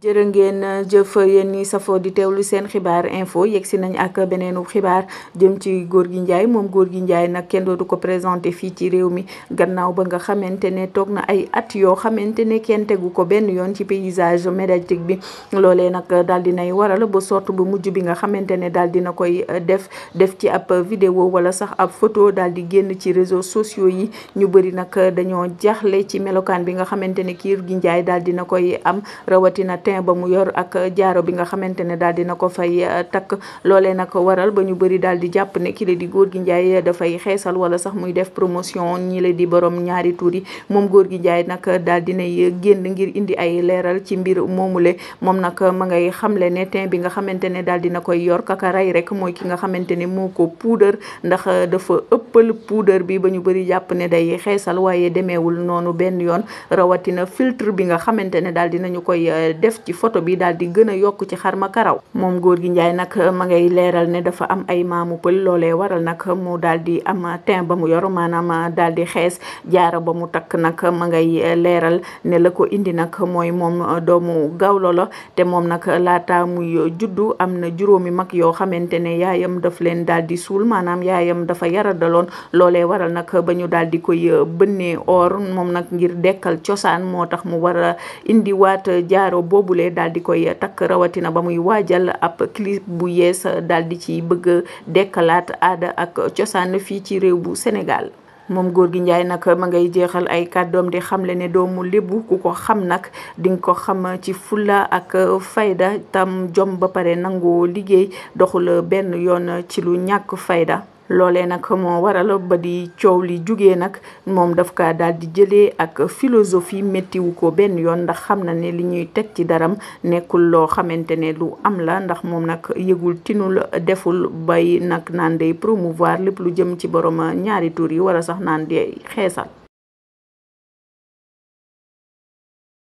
jërë ngeen jëf yéen ñi safoo di teewlu seen xibaar info yegg si nañ ak beneenu xibaar jëm ci góor gi njaay moom góor gi njaay nag kenn dootu ko présenté fii ci réew mi gannaaw ba nga xamante ne toog na ay at yoo xamante ne kenn tegu ko benn yoon ci paysage médiatique bi loolee nag daal nay waral ba sorte ba mujj bi nga xamante ne daal dina koy def def ci ab vidéo wala sax ab photo daal di génn ci réseau sociaux yi ñu bëri nag dañoo jaaxle ci melokaan bi nga xamante ne kii Gorgui Ndiaye daal dina koy am matin ba mu yor ak jaaro bi nga xamante tak daal dina ko fay eh, waral ba ñu bëri daal di jàpp ne ki la di góor gi njaay dafay xeesal wala sax muy def promotion ñi la di borom ñaari tuur mom moom góor gi njaay nag daal ngir indi ay leeral ci mbir moomule moom nag ma ngay xamle ne teint bi nga xamante ne daal dina koy yor kaka ray rek mooy ki nga banyu ne moo ko ndax dafa ëppal puudar bi ba ñu bëri jàpp ne day yoon rawatina filtre bi nga xamante ne daal dinañu eh, def taf ci photo bi daal di gën a yokk ci xarma karaw moom góor gi njaay nag euh, ma ngay leeral ne dafa am ay maamu pël loolee waral nag mu daal di am ba mu yor maanaam euh, daal di xees jaara ba mu takk nag ma euh, leeral ne la ko indi nag mooy moom doomu gawlo te moom nag laata muy juddu am na juróomi mag yoo xamante ne yaayam daf leen daal di suul maanaam yaayam dafa yaradaloon loole waral nag ba ñu daal di koy bënnee or moom nag ngir dekkal cosaan moo tax mu war a indiwaat jaaro boobu boobule daal di koy takk rawatina ba muy waajal ab clip bu yees daal di ci bëgg dekkalaat aada ak cosaan fii ci réew bu Sénégal. moom góor gi njaay nag ma ngay jeexal ay kàddoom di xamle ne doomu lébu ku ko xam nag dinga ko xam ci fulla ak fayda tam jom ba pare nangoo liggéey doxul benn yoon ci lu ñàkk fayda. loolee nag moo waral ba di coow li jugee nag moom daf ko daal di jëlee ak philosophie méttiwu ko benn yoon ndax xam na ne li ñuy teg ci daram nekkul loo xamante ne lu am la ndax moom nag yëgul tinul deful bay nag naan day promouvoir lépp lu jëm ci boroma ñaari tur yi wala sax naan di xeesal.